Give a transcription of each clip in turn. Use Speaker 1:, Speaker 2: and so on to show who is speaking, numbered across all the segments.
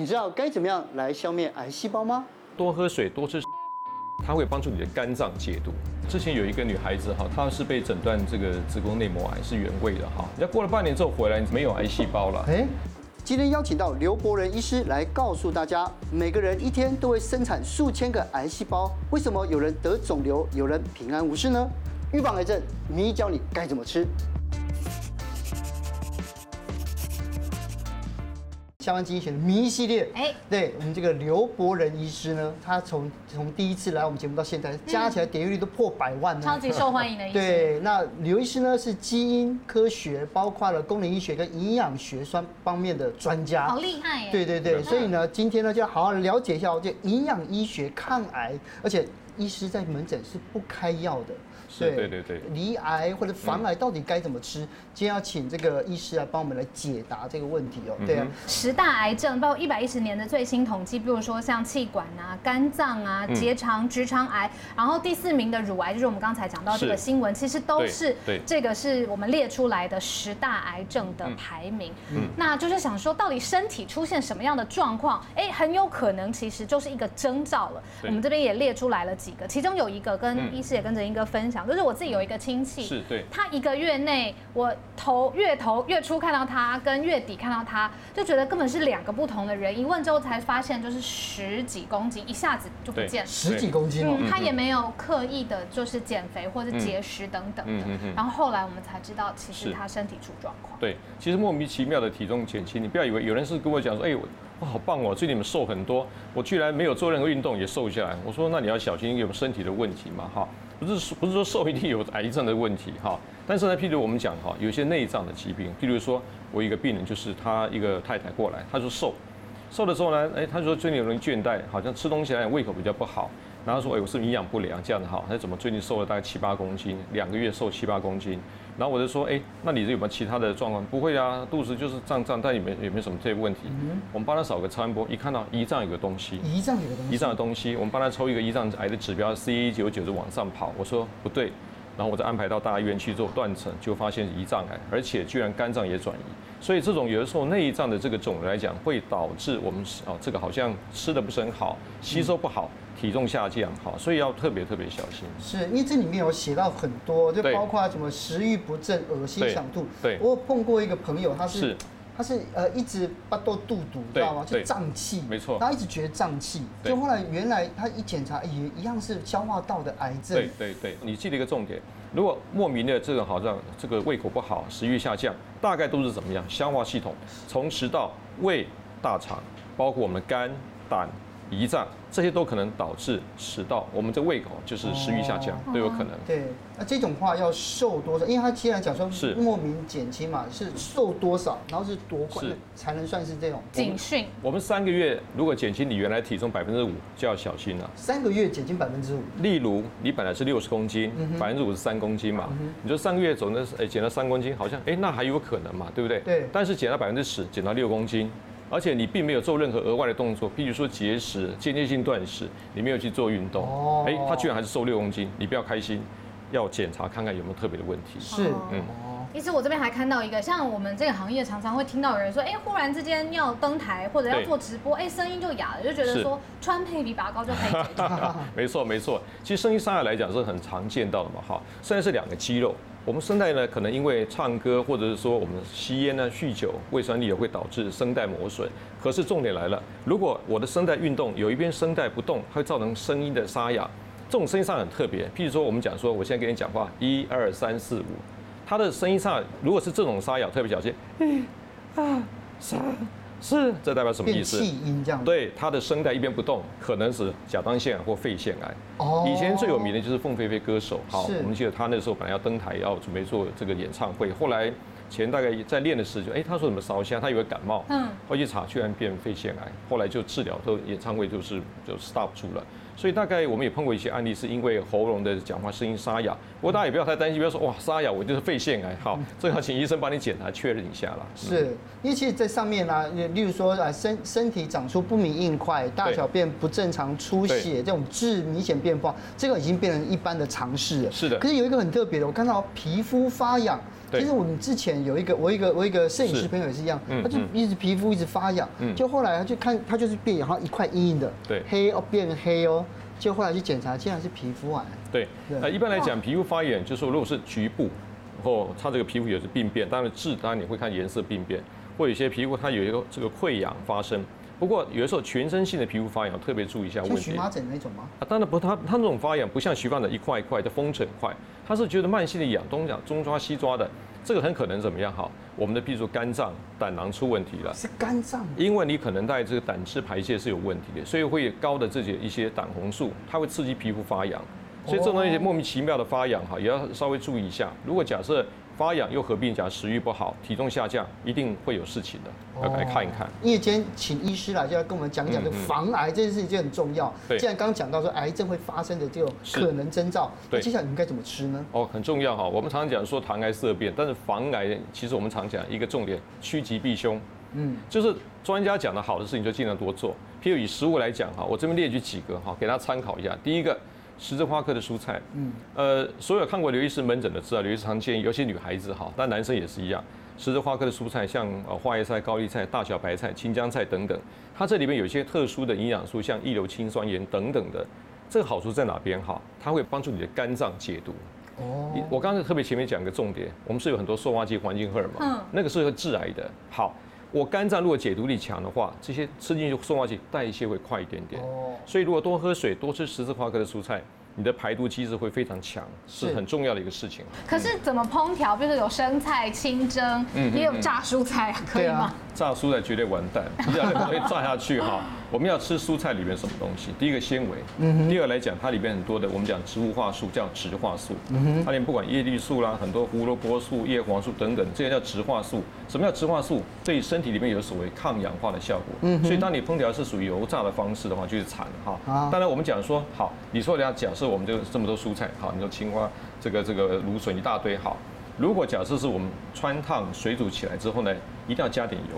Speaker 1: 你知道該怎麼樣來消滅癌細胞嗎？
Speaker 2: 多喝水，多吃，它會幫助你的肝臟解毒。之前有一個女孩子哈，她是被診斷這個子宮內膜癌是原位的哈，要過了半年之後回來沒有癌細胞了。哎，
Speaker 1: 今天邀請到劉博仁醫師來告訴大家，每個人一天都會生產數千個癌細胞，為什麼有人得腫瘤，有人平安無事呢？預防癌症，名醫教你該怎麼吃。台灣基因的迷系列，哎，對，我們這個劉博仁醫師呢，他從從第一次來我們節目到現在，加起來點閱率都破百萬，超級受歡迎的。對，那劉醫師呢是基因科學，包括了功能醫學跟營養學雙方面的專家，好厲害對對對，對 對 所以呢，今天呢就要好好了解一下這營養醫學抗癌，而且。醫師在門診是不開藥的，對對對，罹癌或者防癌到底該怎麼吃？今天要請這個醫師來幫我們來解答這個問題哦、喔。對啊，
Speaker 3: 十大癌症包括一百一十年的最新統計，比如說像氣管啊、肝臟啊、結腸、直腸癌，然後第四名的乳癌，就是我們剛才講到這個新聞，其實都是這個是我們列出來的十大癌症的排名。嗯，那就是想說，到底身體出現什麼樣的狀況，哎，很有可能其實就是一個徵兆了。我們這邊也列出來了幾。其中有一個跟醫師也跟着英哥分享，就是我自己有一個親戚，是對他一個月內，我頭月頭月初看到他，跟月底看到他就覺得根本是兩個不同的人，一問之後才發現就是十幾公斤一下子就不見了，十幾公斤。嗯，他也沒有刻意的就是減肥或者節食等等的，然後後來我們才知道其實他身體出狀況，
Speaker 2: 對，其實莫名其妙的體重減輕，你不要以為有人是跟我講說，哎，我。哦、好棒哦，最近你們瘦很多，我居然沒有做任何運動也瘦下來。我說那你要小心有，有身體的問題嘛哈，不是不是說瘦一定有癌症的問題哈，但是呢，譬如我們講哈，有些內臟的疾病，譬如說我一個病人就是他一個太太過來，她說瘦，瘦的時候呢，誒、欸，她說最近容易倦怠，好像吃東西來講胃口比較不好，然後說誒、欸，我是營養不良這樣子哈，她怎麼最近瘦了大概七八公斤，兩個月瘦七八公斤。然後我就說，哎、欸，那你是有沒有其他的狀況？不會啊，肚子就是脹脹，但也沒有沒有什麼這個問題。嗯、我們幫他掃個超音波一看到胰臟有個東西，胰臟有個東西，胰臟的東西，我們幫他抽一個胰臟癌的指標 CA19-9 就往上跑。我說不對。然後我再安排到大醫院去做斷層，就發現胰臟癌，而且居然肝臟也轉移。所以這種有的時候內臟的這個腫瘤來講，會導致我們哦，這個好像吃的不是很好，吸收不好，體重下降哈，所以要特別特別小心。
Speaker 1: 是，因為這裡面有寫到很多，就包括什麼食欲不振、噁心度、想吐。對，我有碰過一個朋友，他是。是他是呃一直不多肚
Speaker 2: 肚知道嗎？就脹、是、氣，沒錯。他一直
Speaker 1: 覺得脹氣，對就後來原來他一檢查也一樣是消化道的癌症。
Speaker 2: 對對對，你記得一個重點。如果莫名的這個好像這個胃口不好、食欲下降，大概都是怎麼樣？消化系統從食道、胃、大腸，包括我們肝、膽。胰臟，這些都可能導致遲到我們的胃口就是食欲下降，oh. 都有可能。
Speaker 1: 對，那這種話要瘦多少？因為他既然講說，是莫名減輕嘛，是,是瘦多少，然後是多快是才能算是這種警訊
Speaker 2: 訓？我們三個月如果減輕你原來體重百分之五就要小心了。
Speaker 1: 三個月減輕百分之
Speaker 2: 五，例如你本來是六十公斤，百分之五是三公斤嘛，uh huh. 你說三個月總的哎減到三公斤，好像哎那還有可能嘛，對不對？對。但是減到百分之十，減到六公斤。而且你並沒有做任何額外的動作，比如說節食、間歇性斷食，你沒有去做運動，哎、欸，他居然還是瘦六公斤，你不要開心，要檢查看看有沒有特別的問題。是，嗯。
Speaker 3: 其實我這邊還看到一個，像我們這個行業常常會聽到有人說，哎、欸，忽然之間要登台或者要做直播，哎、欸，聲音就啞了，就覺得說是穿配比拔高就黑
Speaker 2: 皮。 沒錯沒錯，其實聲音沙啞來講是很常見到的嘛，哈，雖然是兩個肌肉。我們聲帶呢，可能因為唱歌或者是說我們吸煙呢、酗酒，胃酸力也會導致聲帶磨損。可是重點來了如果我的聲帶運動有一邊聲帶不動，會造成聲音的沙啞。這種聲音上很特別，譬如說我們講說，我現在跟你講話，一二三四五，它的聲音上如果是這種沙啞，特別小心，嗯啊沙。是，這代表什麼意思？變氣音這樣。對，他的聲帶一邊不動，可能是甲狀腺癌或肺腺癌。哦。以前最有名的就是鳳飛飛歌手，是好，我們記得他那時候本來要登台，要準備做這個演唱會，後來前大概在練的時候就，哎、欸，他說什麼燒香，他以為感冒，嗯，後一查居然變肺腺癌，後來就治療，都演唱會就是就 stop 住了。所以大概我們也碰過一些案例，是因為喉嚨的講話聲音沙啞，不過大家也不要太擔心，不要說哇沙啞，我就是肺腺癌，好，最好請醫生幫你檢查確認一下啦。是，
Speaker 1: 因為其實在上面呢、啊，例如說啊身身體長出不明硬塊，大小便不正常出血，對對這種痣明顯變化，這個已經變成一般的常識了。是的。可是有一個很特別的，我看到皮膚發癢。對其實我們之前有一個，我一個我一個攝影師朋友也是一樣，嗯嗯、他就一直皮膚一直發癢，嗯、就後來他就看他就是變然後一塊硬硬的，對，黑哦變黑哦，就後來去檢查，竟然是皮膚癌。
Speaker 2: 對，對啊、一般來講，哇皮膚發炎，就是說如果是局部，然後他這個皮膚有些病變，當然治當然你會看顏色病變，或有些皮膚它有一個這個潰瘍發生。不過有的時候全身性的皮膚發癢，特別注意一下問題。蕁麻疹那種嗎？啊，當然不，它它那種發癢不像蕁麻疹一塊一塊的風疹塊，它是覺得慢性的癢，東癢中抓西抓的，這個很可能怎麼樣哈？我們的譬如說肝臟、膽囊出問題了。是肝臟。因為你可能在這個膽汁排泄是有問題的，所以會有高的自己一些膽紅素，它會刺激皮膚發癢，所以這種東西莫名其妙的發癢哈，也要稍微注意一下。如果假設。發癢又合併食慾不好、體重下降，一定會有事情的，哦、要來看一看。
Speaker 1: 因為今天請醫師來就要跟我們講講，就防癌這件事情就很重要。嗯嗯、既然剛剛講到說癌症會發生的這種可能徵兆，對那接下來我們該怎麼吃呢？
Speaker 2: 哦，很重要哈。我們常常講說談癌色變，但是防癌其實我們常講一個重點：趨吉避凶。嗯，就是專家講的好的事情就盡量多做。譬如以食物來講哈，我這邊列舉幾個哈，給大家參考一下。第一個。十字花科的蔬菜，嗯，呃，所有看過劉醫師門診的知道，劉醫師常見尤其女孩子哈，那男生也是一樣。十字花科的蔬菜，像呃花椰菜、高麗菜、大小白菜、青江菜等等，它這裡面有一些特殊的營養素，像異硫氰酸鹽等等的。這個好處在哪邊哈？它會幫助你的肝臟解毒。哦、oh.，我剛才特別前面講一個重點，我們是有很多塑化劑、環境荷爾蒙，那個是會致癌的。好。我肝臟如果解毒力強的話，這些吃進去送下去代謝會快一點點。哦。Oh. 所以如果多喝水、多吃十字花科的蔬菜，你的排毒機制會非常強，是，是很重要的一個事情。可
Speaker 3: 是怎麼烹調？比如說有生菜清蒸，嗯，也有炸蔬菜，可以嗎？啊、
Speaker 2: 炸蔬菜絕對完蛋，這樣會炸下去哈。 我們要吃蔬菜裡面什麼東西？第一個纖維，第二來講，它裡面很多的，我們講植物化素叫植化素，它裡面不管葉綠素啦、啊，很多胡蘿蔔素、葉黃素等等，這些叫植化素。什麼叫植化素？對身體裡面有所謂抗氧化的效果。嗯、哼所以當你烹調是屬於油炸的方式的話，就是慘哈。好當然我們講說好，你說人家假設我們就這麼多蔬菜好，你說青瓜、這個這個蘆筍一大堆好，如果假設是我們汆燙、水煮起來之後呢，一定要加點油。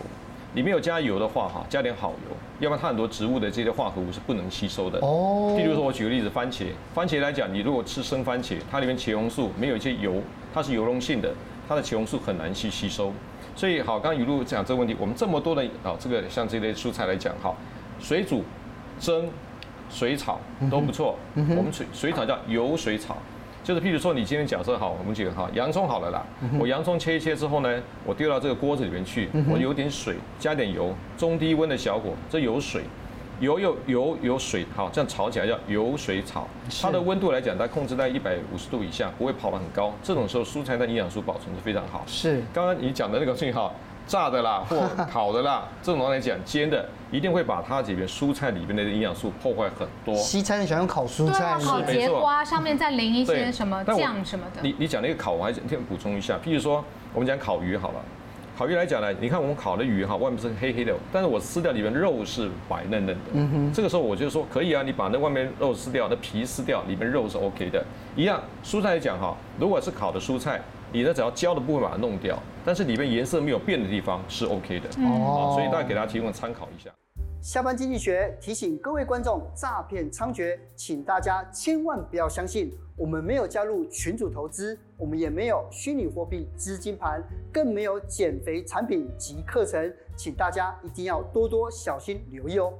Speaker 2: 你沒有加油的話哈，加點好油。要不然它很多植物的這些化合物是不能吸收的哦。例如說，我舉個例子，番茄，番茄來講，你如果吃生番茄，它裡面茄紅素沒有一些油，它是油溶性的，它的茄紅素很難去吸收。所以好，剛剛雨露講這個問題，我們這麼多的啊、哦，這個像這類蔬菜來講哈，水煮、蒸、水炒都不錯。嗯嗯、我們水水炒叫油水炒。就是譬如說，你今天假設哈，我們幾個哈，洋蔥好了啦，我洋蔥切一切之後呢，我丟到這個鍋子裡面去，我有點水，加點油，中低溫的小火，這有水，油有油有水，好，這樣炒起來叫油水炒。它的溫度來講，它控制在一百五十度以下，不會跑得很高，這種時候蔬菜的營養素保存是非常好。是，剛剛你講的那個訊號。炸的啦，或烤的啦，這種來講，煎的一定會把它裡面蔬菜裡面的營養素破壞很多。西
Speaker 1: 餐喜歡烤
Speaker 2: 蔬菜，啊，烤花是沒錯。
Speaker 3: 上面再淋一些什麼醬什麼的你。
Speaker 2: 你你講那個烤，我還先補充一下。譬如說，我們講烤魚好了，烤魚來講呢，你看我們烤的魚哈，外面是黑黑的，但是我撕掉裡面肉是白嫩嫩的。嗯哼。這個時候我就說可以啊，你把那外面肉撕掉，那皮撕掉，裡面肉是 OK 的。一樣，蔬菜來講哈，如果是烤的蔬菜。你呢？只要焦的部分把它弄掉，但是裡面顏色沒有變的地方是 OK 的。哦、嗯，所以大家給大家提供參考一下。
Speaker 1: 下班經濟學提醒各位觀眾：詐騙猖獗，請大家千萬不要相信。我們沒有加入群組投資，我們也沒有虛擬貨幣資金盤，更沒有減肥產品及課程，請大家一定要多多小心留意哦。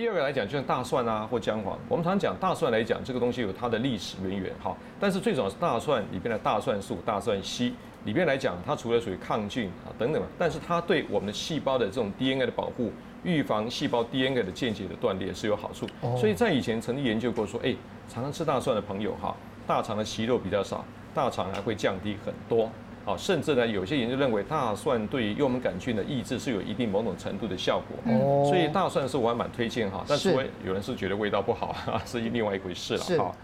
Speaker 2: 第二個來講，就像大蒜啊，或薑黃。我們常講大蒜來講，這個東西有它的歷史淵源哈。但是最重要是大蒜裡邊的大蒜素、大蒜硒，裡邊來講，它除了屬於抗菌啊等等嘛，但是它對我們的細胞的這種 DNA 的保護、預防細胞 DNA 的間接的斷裂是有好處。Oh. 所以在以前曾經研究過說，哎，常常吃大蒜的朋友哈，大腸的息肉比較少，大腸還會降低很多。甚至呢，有些研究認為大蒜對於幽門桿菌的抑制是有一定某種程度的效果，所以大蒜是我還蠻推薦哈。但是有人是覺得味道不好，是另外一回事了哈。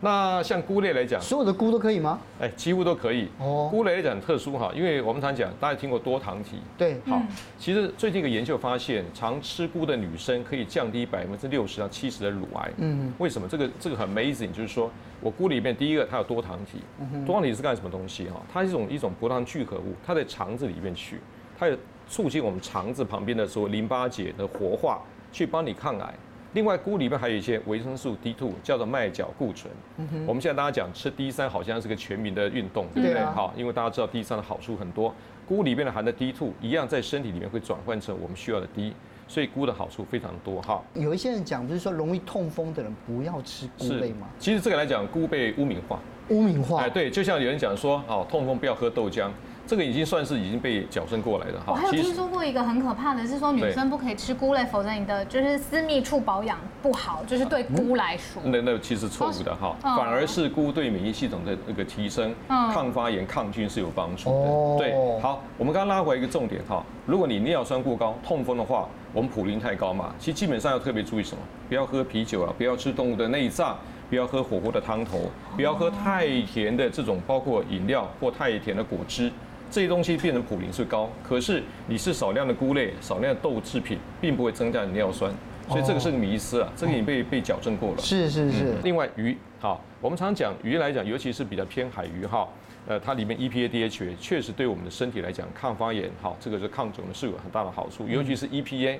Speaker 2: 那像菇類來講，所有的菇都可以嗎？哎、欸，幾乎都可以。哦，oh. 菇類來講很特殊哈，因為我們常講，大家聽過多糖體。對，好。其實最近一個研究發現，常吃菇的女生可以降低百分之六十到七十的乳癌。嗯、mm，hmm. 為什麼？這個這個很 amazing，就是說我菇裡面第一個它有多糖體，多糖體是幹什麼東西哈？它一種一種葡萄糖聚合物，它在腸子裡面去，它有促進我們腸子旁邊的所有淋巴結的活化，去幫你抗癌。另外菇裡面還有一些維生素 D2，叫做麥角固醇。嗯哼。我們現在大家講吃 D3，好像是個全民的運動，對不對、啊？哈，因為大家知道 D3 的好處很多，菇裡面的含的 D2 一樣在身體裡面會轉換成我們需要的 D，所以菇的好處非常多哈。
Speaker 1: 有一些人講，就是說容易痛風的人不要
Speaker 2: 吃菇類嗎？其實這個來講，菇被汙名化。汙名化？哎，對，就像有人講說，好痛風不要喝豆漿。這個已經算是已經被矯正過來的。哈。我有聽說
Speaker 3: 過一個很可怕的是說女生不可以吃菇類，對否則你的就是私密處保養不好，就是對菇來說。
Speaker 2: 那那其實錯誤的哈，哦、反而是菇對免疫系統的那個提升、哦、抗發炎、抗菌是有幫助的。哦、對，好，我們剛剛拉回來一個重點哈，如果你尿酸過高、痛風的話，我們普林太高嘛，其實基本上要特別注意什麼？不要喝啤酒啊，不要吃動物的內臟，不要喝火鍋的湯頭，不要喝太甜的這種，哦、包括飲料或太甜的果汁。這些東西變成普林是高，可是你是少量的菇類、少量的豆製品，並不會增加你尿酸，所以這個是個迷思啊，這個已經被、哦、被矯正過了。是是是、嗯。另外魚，好、哦，我們常常講魚來講，尤其是比較偏海魚哈、哦，呃，它裡面 EPA、DHA 確實對我們的身體來講抗發炎，哈、哦，這個是抗腫的是有很大的好處，尤其是 EPA。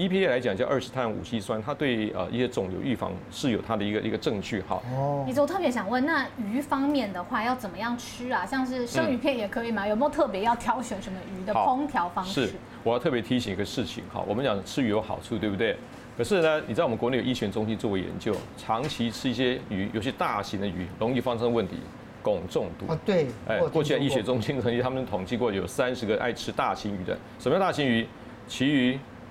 Speaker 2: EPA 來講叫二十碳五烯酸，它對呃一些腫瘤預防是有它的一個一個證據哈。哦、
Speaker 3: 李、oh. 我特別想問，那魚方面的話要怎麼樣吃啊？像是生魚片也可以嗎？嗯、有沒有特別要挑選什麼魚的烹調方式？是，
Speaker 2: 我要特別提醒一個事情哈，我們講吃魚有好處，對不對？可是呢，你知道我們國內有醫學中心做過研究，長期吃一些魚，有些大型的魚容易發生問題，汞中毒。Oh, 對，哎，過去醫學中心曾經他們統計過，有三十個愛吃大型魚的。什麼叫大型魚？旗魚。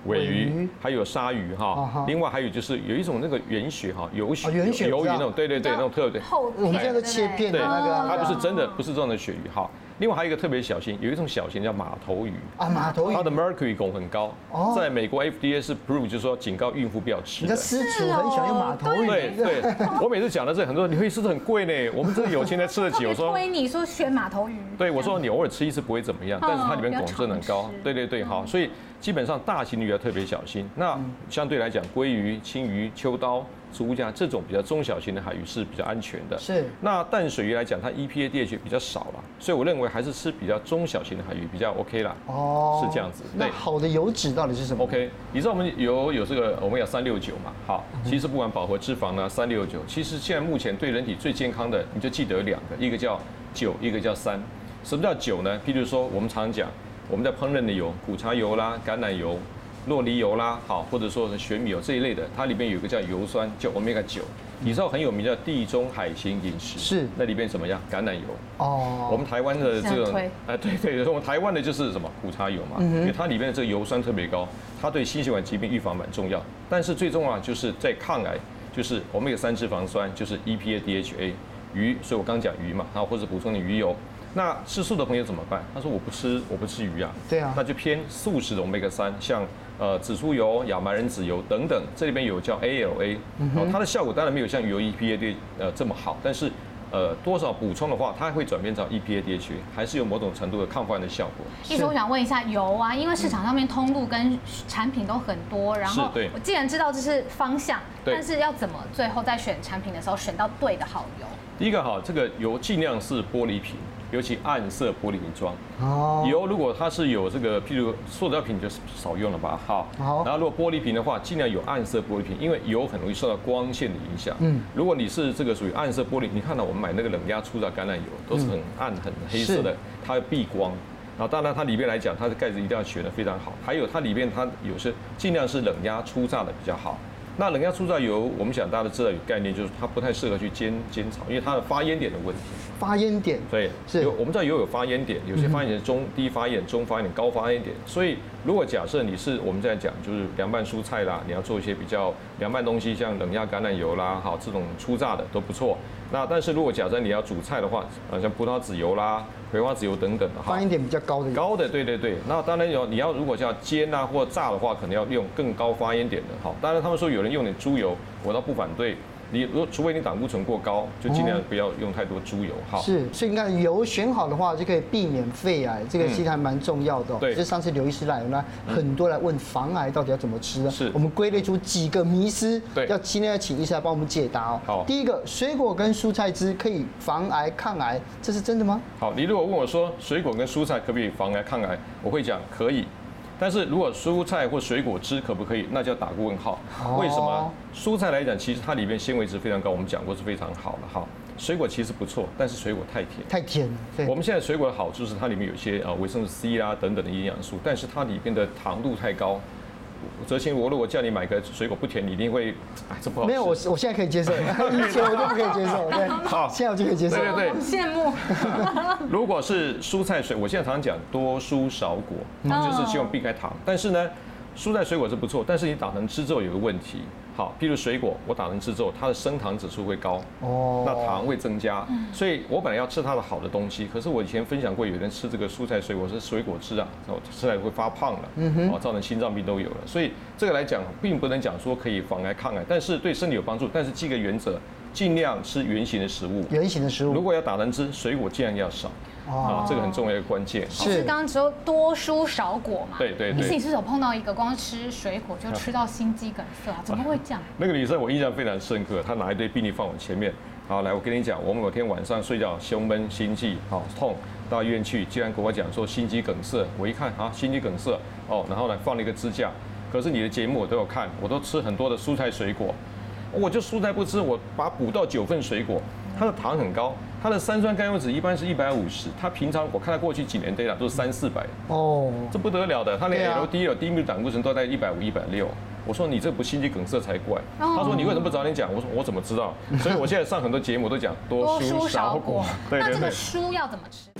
Speaker 2: 尾鮪魚，魚，還有鯊魚哈、喔，另外還有就是有一種那個圓鱈哈，油鱈，油魚那種，對對對但，那種特別厚，後天 我們現在都切片，的那個、啊、它不是真的，不是這種的鱈魚哈、喔。另外還有一個特別小心，有一種小型叫馬頭魚啊，馬頭魚，它的 mercury 汞很高，在美國 FDA 是 prove，就是說警告孕婦不要吃。你的很
Speaker 1: 喜歡馬頭魚，
Speaker 2: 對對，我每次講到這裡很多，你會是不是很貴呢？我們這個有錢才吃得起。我說，因為
Speaker 3: 你說選馬頭
Speaker 2: 魚，對我說你偶爾吃一次不會怎麼樣，但是它裡面汞真的很高。對對對，好。所以基本上大型魚要特別小心。那相對來講，鮭魚、青魚、秋刀，竹筴這種比較中小型的海魚是比較安全的，是。那淡水魚來講，它 EPA DHA 比較少了，所以我認為還是吃比較中小型的海魚比較 OK 了。哦，
Speaker 1: 是這樣
Speaker 2: 子。那好的油脂到底是什麼？OK，你知道我們有，有這個，我們有三六九嘛，好。其實不管飽和脂肪呢，三六九，其實現在目前對人體最健康的，你就記得有兩個，一個叫九，一個叫三。什麼叫九呢？譬如說我常常，我們常講我們在烹飪的油，苦茶油啦，橄欖油。酪梨油啦，好，或者說玄米油這一類的，它裡面有一個叫油酸，叫 Omega 九，9, 你知道很有名叫地中海型飲食，是，那裡面什麼樣？橄欖油，哦
Speaker 1: ，oh, 我們台
Speaker 2: 灣的這種、個，哎推，啊、對，對對，我們台灣的就是什麼苦茶油嘛，mm hmm. 因為它裡面的這個油酸特別高，它對心血管疾病預防蠻重要，但是最重要就是在抗癌，就是 Omega 三脂肪酸，就是 EPA、DHA，魚，所以我剛講魚嘛，然後啊，或者補充你魚油。那吃素的朋友怎麼辦？他說我不吃，我不吃魚啊。對啊，那就偏素食的 Omega 三，像呃紫蘇油、亞麻仁籽油等等，這裡邊有叫 ALA，然後它的效果當然沒有像魚油 EPA 這呃這麼好，但是呃多少補充的話，它會轉變成 EPA DHA，還是有某種程度的抗炎的效果。醫生是，我想
Speaker 3: 問一下油啊，因為市場上面通路跟產品都很多，然後對我既然知道這是方向，對但是要怎麼最後在選產品的時候選到對的好油？
Speaker 2: 第一個哈，這個油盡量是玻璃瓶。尤其暗色玻璃瓶裝哦，油如果它是有這個，譬如塑料瓶，就少用了吧，好，然後如果玻璃瓶的話，盡量有暗色玻璃瓶，因為油很容易受到光線的影響。嗯，如果你是這個屬於暗色玻璃，你看到我們買那個冷壓初榨橄欖油都是很暗很黑色的，它會避光。然後當然它裡面來講，它的蓋子一定要選的非常好，還有它裡面它有些盡量是冷壓初榨的比較好。那冷壓粗榨油，我們想大家都知道有概念，就是它不太適合去煎煎炒，因為它的發煙點的問題。
Speaker 1: 發煙點
Speaker 2: 對，是有。我們知道油有發煙點，有些發煙點中低發煙，中發煙點高發煙點。所以如果假設你是我們這樣講，就是涼拌蔬菜啦，你要做一些比較涼拌東西，像冷壓橄欖油啦，好，這種粗榨的都不錯。那但是如果假設你要煮菜的話，啊，像葡萄籽油啦、葵花籽油等等，哈，發煙點比較高的高的，對對對。那當然有你要如果像煎啊或炸的話，可能要用更高發煙點的好，當然他們說有。有人用點豬油，我倒不反對。你如除非你膽固醇過高，就盡量不要用太多豬油，哈。是，
Speaker 1: 所以你看油選好的話，就可以避免肺癌，這個其實還蠻重要的哦。對，嗯。就上次劉醫師來了，我們很多來問防癌到底要怎麼吃啊，是。我們歸類出幾個迷思，對，要今天要請醫師來幫我們解答
Speaker 2: 哦。好，第一個，
Speaker 1: 水果跟蔬菜汁可以防癌抗癌，這是真的嗎？
Speaker 2: 好，你如果問我說水果跟蔬菜可不可以防癌抗癌，我會講可以。但是如果蔬菜或水果汁可不可以？那就要打個問號。為什麼？oh. 蔬菜來講，其實它裡面纖維質非常高，我們講過是非常好的哈。水果其實不錯，但是水果太甜，太甜了，對。我們現在水果的好處是它裡面有一些啊維生素 C 啊等等的營養素，但是它裡面的糖度太高。澤清，我如果叫你買個水果不甜，你一定會，哎，這不好吃。沒有，我
Speaker 1: 我現在可以接受，以前我都不可以接
Speaker 3: 受，對，
Speaker 2: 好，現在我就可以接受，對對對，
Speaker 3: 羨慕。 如
Speaker 2: 果是蔬菜水，我現在常常講多蔬少果，就是希望避開糖。但是呢，蔬菜水果是不錯，但是你打成吃之後有個問題。好，譬如水果，我打完汁之後，它的升糖指數會高，哦，oh. 那糖會增加，所以，我本來要吃它的好的東西，可是我以前分享過，有人吃這個蔬菜水果是水果汁啊，哦，吃來會發胖了，嗯哼、mm，hmm. 造成心臟病都有了，所以這個來講，並不能講說可以防癌抗癌，但是對身體有幫助，但是記個原則。盡量吃原型的食物，原型的食物，如果要打人吃，水果盡量要少，哦、啊，這個很重要一個關鍵，是。好就是剛剛
Speaker 3: 說多蔬少果嘛？對
Speaker 2: 對對。對對，你自己是
Speaker 3: 否碰到一個光吃水果就吃到心肌梗塞啊？啊怎麼會這樣？
Speaker 2: 啊？那個女生我印象非常深刻，她拿一堆病例放我前面，好來，我跟你講，我們某天晚上睡覺胸悶心悸、好、哦、痛，到醫院去，居然跟我講說心肌梗塞，我一看啊，心肌梗塞哦，然後呢，放了一個支架，可是你的節目我都有看，我都吃很多的蔬菜水果。我就蔬菜不吃，我把補到九份水果，它的糖很高，它的三酸甘油酯一般是一百五十，他平常我看他過去幾年對了都是三四百哦，這不得了的，他連 LDL、啊、低密度膽固醇都在一百五一百六，我說你這不心肌梗塞才怪，他說你為什麼不早點講？我說我怎麼知道？所以我現在上很多節目都講多蔬少果，對對,對那這個
Speaker 3: 蔬要怎麼吃？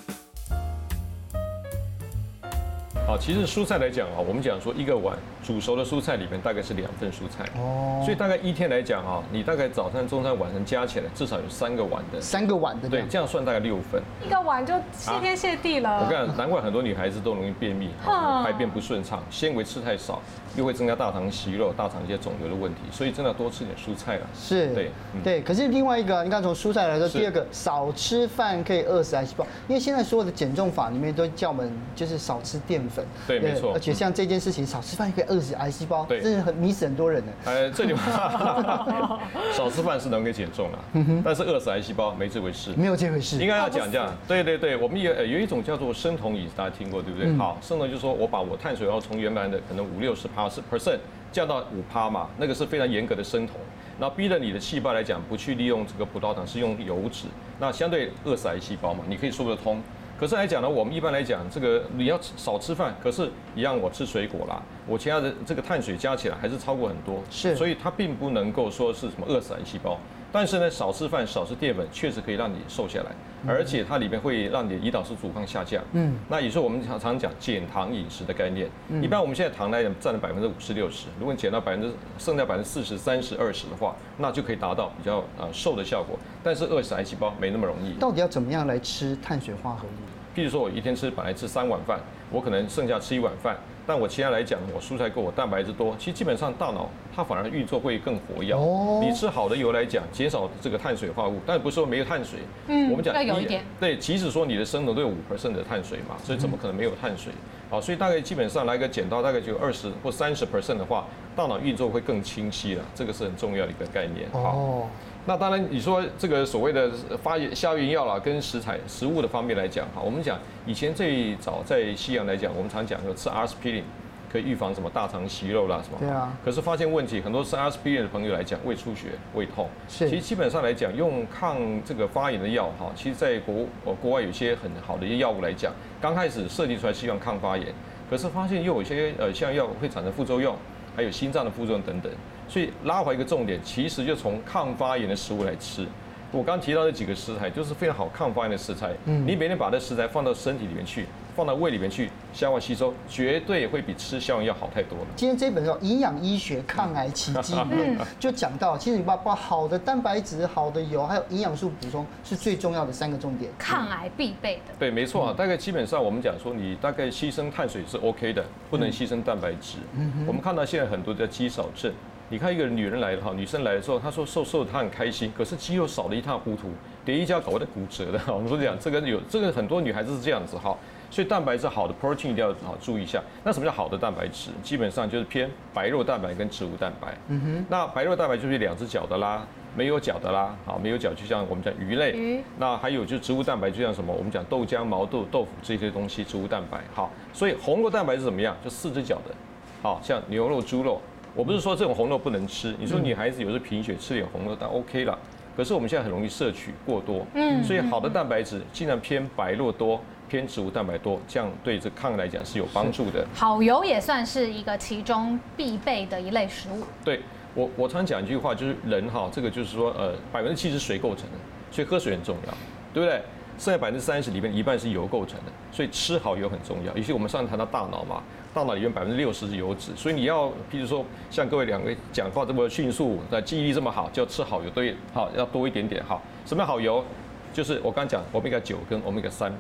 Speaker 2: 啊，其實蔬菜來講啊，我們講說一個碗煮熟的蔬菜裡面大概是兩份蔬菜，哦，所以大概一天來講啊，你大概早餐、中餐、晚餐加起來至少有三個碗的，三個碗的，對，這樣算大概六份，
Speaker 3: 一個碗就謝天謝地了。啊、我跟你講，
Speaker 2: 難怪很多女孩子都容易便秘，排便不順暢，纖維吃太少，又會增加大腸息肉、大腸一些腫瘤的問題，所以真的要多吃點蔬菜了。是，對、嗯，
Speaker 1: 對，可是另外一個、啊，你剛從蔬菜來說，第二個少吃飯可以餓死癌細胞，因為現在所有的減重法裡面都叫我們就是少吃澱粉。對，對沒錯。而且像這件事情，嗯、少吃飯也可以餓死癌細胞，真的對很迷死很多人了。
Speaker 2: 哎，這裡 少吃飯是能給減重了、啊，嗯、哼但是餓死癌細胞沒這回事。沒有這回事，應該要講這樣、啊、對對對，我們有有一種叫做生酮飲食，大家聽過對不對？嗯、好，生酮就是說我把我碳水要後從原本來的可能五六十帕是 percent 降到五帕嘛，那個是非常嚴格的生酮，那逼着你的細胞來講不去利用這個葡萄糖，是用油脂，那相對餓死癌細胞嘛，你可以說得通。可是來講呢，我們一般來講，這個你要少吃飯，可是一樣我吃水果啦，我其他的這個碳水加起來還是超過很多，是，所以它並不能夠說是什麼餓死癌細胞。但是呢，少吃飯、少吃澱粉，確實可以讓你瘦下來，而且它裡面會讓你的胰島素阻抗下降。嗯，那也是我們常常講減糖飲食的概念。嗯，一般我們現在糖來講佔了百分之五十六十，如果你減到百分之剩下百分之四十三十二十的話，那就可以達到比較呃瘦的效果。但是餓死癌細胞沒那麼容易。
Speaker 1: 到底要怎麼樣來吃碳水化合物？
Speaker 2: 譬如說，我一天吃本來吃三碗飯，我可能剩下吃一碗飯，但我其他來講，我蔬菜夠，我蛋白質多，其實基本上大腦它反而運作會更活躍。哦。你吃好的油來講，減少這個碳水化物，但不是說沒有碳水。嗯。我們講要有一點。對，即使說你的生酮都有五 percent 的碳水嘛，所以怎麼可能沒有碳水？好，所以大概基本上來個減到大概就二十或三十 percent 的話，大腦運作會更清晰了。這個是很重要的一個概念。哦。Oh. 那當然，你說這個所謂的發炎消炎藥啦跟食材食物的方面來講哈，我們講以前最早在西洋來講，我們常講說吃阿司匹林可以預防什麼大腸息肉啦什麼。對啊。可是發現問題，很多吃阿司匹林的朋友來講，胃出血、胃痛。是。其實基本上來講，用抗這個發炎的藥哈，其實在國國外有些很好的一些藥物來講，剛開始設計出來是用抗發炎，可是發現又有些呃像藥會產生副作用，還有心臟的副作用等等。所以拉回一個重點，其實就從抗發炎的食物來吃。我剛剛提到的幾個食材，就是非常好抗發炎的食材。嗯，你每天把那食材放到身體裡面去，放到胃裡面去消化吸收，絕對會比吃消炎藥好太多了。今
Speaker 1: 天這本書《營養醫學抗癌奇蹟》，嗯，就講到其實你把把好的蛋白質、好的油，還有營養素補充，是最重要的三個重點。
Speaker 3: 抗癌必備的。
Speaker 2: 對，沒錯啊。嗯，大概基本上我們講說，你大概犧牲碳水是 OK 的，不能犧牲蛋白質。嗯，我們看到現在很多叫肌少症。你看一個女人來了哈，女生來的時候，她說瘦瘦的她很開心，可是肌肉少得一塌糊塗，跌一跤搞得骨折的哈。我們就講這個有這個很多女孩子是這樣子哈，所以蛋白質好的 protein 一定要好注意一下。那什麼叫好的蛋白質？基本上就是偏白肉蛋白跟植物蛋白。嗯哼。那白肉蛋白就是兩隻腳的啦，沒有腳的啦，啊沒有腳就像我們講魚類。嗯。那還有就植物蛋白就像什麼？我們講豆漿、毛豆、豆腐這些東西植物蛋白。好，所以紅肉蛋白是怎麼樣？就四隻腳的，好，像牛肉、豬肉。我不是說這種紅肉不能吃，你說女孩子有時候貧血吃點紅肉，但 OK 了。可是我們現在很容易攝取過多，嗯，所以好的蛋白質盡量偏白肉多，偏植物蛋白多，這樣對這抗癌來講是有幫助的。
Speaker 3: 好油也算是一個其中必備的一類食物。
Speaker 2: 對，我我常講一句話，就是人哈，這個就是說，呃，百分之七十水構成的，所以喝水很重要，對不對？剩下百分之三十裡面一半是油構成的，所以吃好油很重要。尤其我們上次談到大腦嘛，大腦裡面百分之六十是油脂，所以你要，譬如說像各位兩位講話這麼迅速，那記憶力這麼好，就要吃好油，對，好要多一點點哈。什麼好油？就是我剛講歐米伽九跟歐米伽三。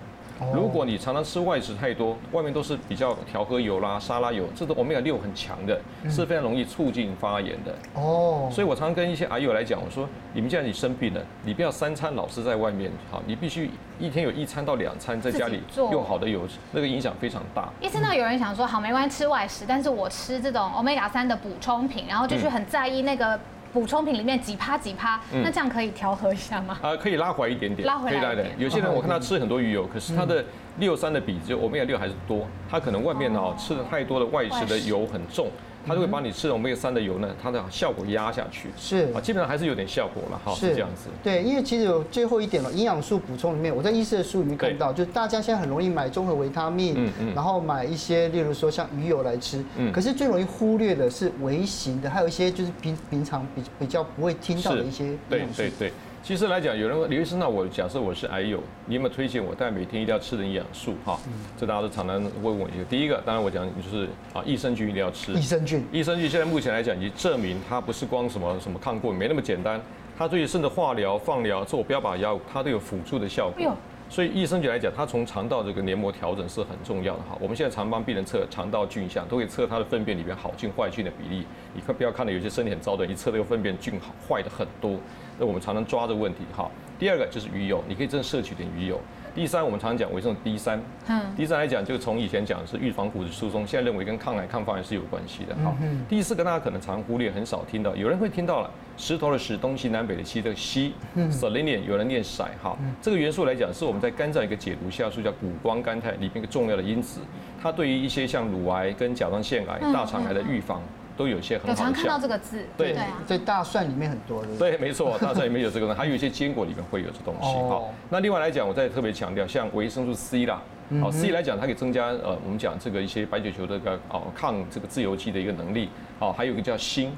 Speaker 2: 如果你常常吃外食太多，外面都是比較調和油啦、沙拉油，這種歐米伽六很強的，是非常容易促進發炎的。哦，oh. 所以我常常跟一些癌友來講，我說你們既然你生病了，你不要三餐老是在外面，好，你必須一天有一餐到兩餐在家裡用好的油，那個影響非常大。一
Speaker 3: 聽到有人想說好沒關係吃外食，但是我吃這種歐米伽三的補充品，然後就是很在意那個。嗯補充品裡面幾趴幾趴，嗯、那這樣可以調和一下嗎？呃、
Speaker 2: 啊，可以拉回一點點，拉回來一點，來的，有些人我看他吃很多魚油，可是他的六三的比，就我們家六還是多，他可能外面哦吃的太多的外食的油很重。它就會把你吃我們沒有三的油呢，它的效果壓下去是，是啊，基本上還是有點效果了哈，是這樣子。
Speaker 1: 對，因為其實有最後一點了，營養素補充裡面，我在醫師的書裡面看到，對就是大家現在很容易買綜合維他命，嗯嗯，嗯然後買一些，例如說像魚油來吃，嗯，可是最容易忽略的是微型的，還有一些就是平平常比比較不會聽到的一些
Speaker 2: 東西。對對對。對其實來講，有人問劉醫生，那我假設我是癌友，你有沒有推薦我，但每天一定要吃的營養素哈，是這大家都常常問我。一第一個，當然我講就是啊，益生菌一定要吃。益生菌，益生菌現在目前來講已經證明它不是光什麼什麼抗過敏，沒那麼簡單，它對於甚至化療、放療做標靶藥，它都有輔助的效果。所以益生菌來講，它從腸道這個黏膜調整是很重要的哈。我們現在常幫病人測腸道菌相，都會測他的糞便裡邊好菌壞菌的比例。你可不要看到有些身體很糟的，一測這個糞便菌好壞的很多。那我們常常抓這問題哈。第二個就是魚油，你可以真的攝取點魚油。第三，我們常常講維生素 D 三。嗯。D 三來講，就從以前講是預防骨質疏鬆，現在認為跟抗癌、抗發癌是有關係的哈。嗯哼。第四個大家可能常忽略，很少聽到，有人會聽到了。石頭的石，東西南北的西，這個硒，嗯，Selenium，有人念硒哈。這個元素來講，是我們在肝臟一個解毒酵素叫穀胱甘肽裡面一個重要的因子。它對於一些像乳癌跟甲狀腺癌、大腸癌的預防，都有些很好。常看到這
Speaker 1: 個字，對對。在大蒜裡面很多，對，
Speaker 2: 沒錯，大蒜裡面有這個。還有一些堅果裡面會有這東西。好，那另外來講，我再特別強調，像維生素 C 啦，好，C 來講，它可以增加呃，我們講這個一些白血球的一個哦，抗這個自由基的一個能力。好，還有一個叫鋅。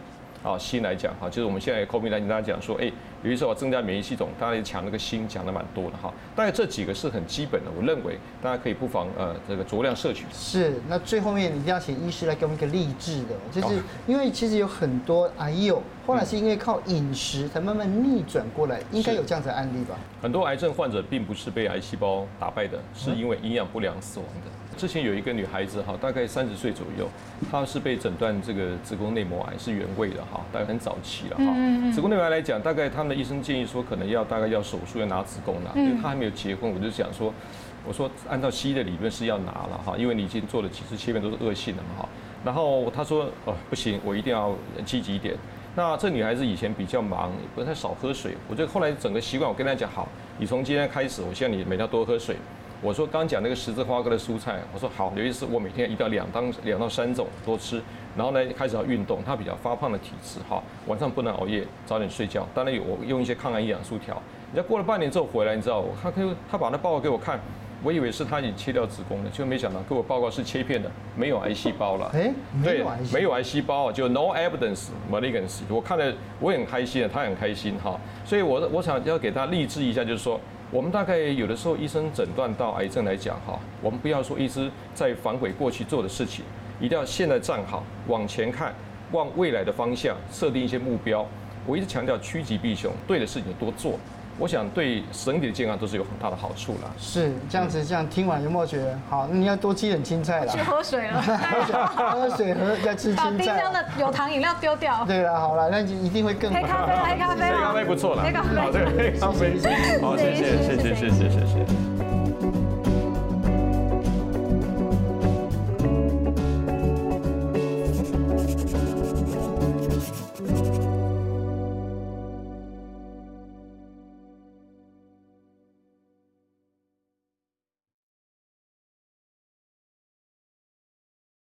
Speaker 2: 好，心來講哈，就是我們現在口鼻來講，大家講說，哎，比如說增加免疫系統，當然也搶那個心，搶的蠻多的哈。但是這幾個是很基本的，我認為大家可以不妨呃，這個酌量攝取。
Speaker 1: 是，那最後面一定要請醫師來給我們一個勵志的，就是因為其實有很多癌友、哎，後來是因為靠飲食才慢慢逆轉過來，應該有這樣子的案例吧？
Speaker 2: 很多癌症患者並不是被癌細胞打敗的，是因為營養不良死亡的。之前有一個女孩子哈，大概三十歲左右，她是被診斷這個子宮內膜癌是原位的哈，大概很早期了哈。嗯、子宮內膜癌來講，大概他們的醫生建議說，可能要大概要手術要拿子宮的，嗯、因為她還沒有結婚。我就想說，我說按照西醫的理論是要拿了哈，因為你已經做了幾次切片都是惡性的嘛哈。然後她說哦不行，我一定要積極一點。那這女孩子以前比較忙，不太少喝水。我就後來整個習慣，我跟她講好，你從今天開始，我希望你每天多喝水。我說剛剛講那個十字花科的蔬菜，我說好，尤其是我每天一到兩當兩到三種多吃，然後呢開始要運動，他比較發胖的體質哈，晚上不能熬夜，早點睡覺。當然有，我用一些抗癌營養素調。你知道過了半年之後回來，你知道我，他他他把那報告給我看，我以為是他已經切掉子宮了，就沒想到給我報告是切片的，沒有癌細胞了。哎，沒有癌細胞，對沒有癌細胞，就 no evidence malignancy。Cy, 我看了，我很開心啊，他也很開心哈。所以我，我我想要給他勵志一下，就是說。我們大概有的時候，醫生診斷到癌症來講，哈，我們不要說一直在反悔過去做的事情，一定要現在站好，往前看，往未來的方向設定一些目標。我一直強調趨吉避凶，對的事情多做。我想對身體的健康都是有很大的好處啦。
Speaker 1: 是這樣子，這樣聽完有沒有覺得好？那你要多吃點青菜啦。去喝水啦！喝水喝再吃。把冰箱的
Speaker 3: 有糖飲料丟掉。對
Speaker 1: 啊，好了，那就一定會更好。黑咖啡，黑咖啡黑咖啡
Speaker 2: 不錯啦。好，這個黑咖啡。好，謝謝，謝謝，謝謝，謝謝。